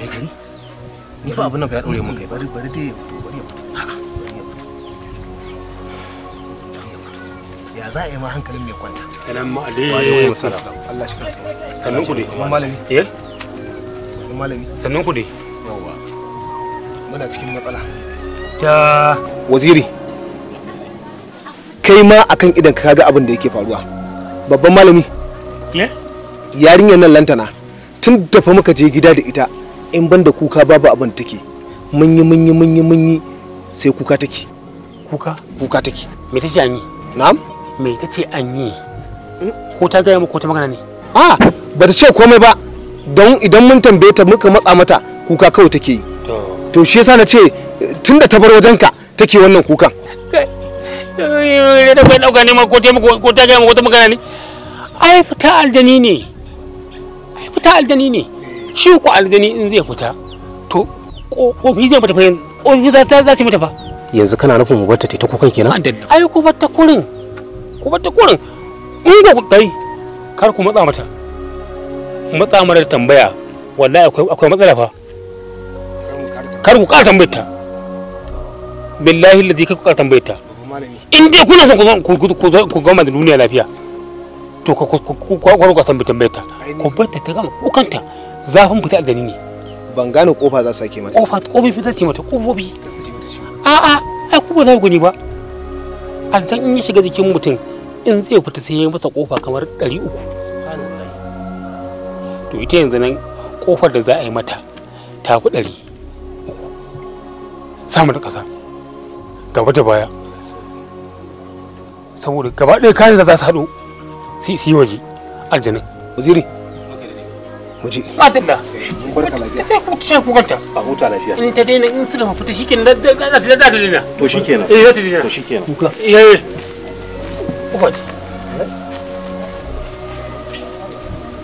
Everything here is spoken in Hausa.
mai gari ni abin ya dore mun kai bari bari dai ya fito bari ya fito ya za a yi ma hankalin mai kwanta salamu alaikum Allah shi kanta sannan ku dai malami eh malami sannan ku dai yawa muna cikin matsala ta waziri kai ma akan idan ka ga abin da yake faruwa babban malami yarinyar nan lantana tun dafa muka je gida da ita in ban da kuka babu abin take mun yi mun yi mun yi mun yi sai kuka take kuka kuka take me tace an yi na'am me tace an yi hmm? ko ta gaya ko ta magana ne a ba ta ce komai ba don idan mun tambaye ta muka matsa mata kuka kawai take yi to shi yasa na ce tunda ta bar wajenka take wannan kukan eh, da dauka ne ma ko ta ko ta gaya ko ta magana ne ai fita aljani ne ai fita aljani ne shi ku aljani in zai fita to kofi zai fita fahimta kofi za ta za ta fa yanzu kana nufin mu barta ta kukan kenan ai ku barta kurin ku kurin in ga ku kai kar ku matsa mata matsa mara tambaya wallahi akwai akwai matsala fa kar ku ƙara tambayar ta billahi kai ka ƙara tambayar ta in dai kuna son ku gama da duniya lafiya to ku ku ko zafin fita aljani ne ban gane kofa za su sake mata kofa kofi za sake yi mata kofofi a'a ai ba za ku gani ba aljan in ya shiga jikin mutum in zai fita sai ya masa kofa kamar 300 to ita yanzu nan kofar da za a yi mata ta ku 300 samu da ƙasa gaba da baya saboda gaba ɗaya kayan za su haɗu su yi waje aljanin waziri muje fatin na barka lafiya ta ku kanta a huta lafiya in ta daina in suka fita shikenan da da da da daina to shikenan eh ta daina to shikenan kuka eh eh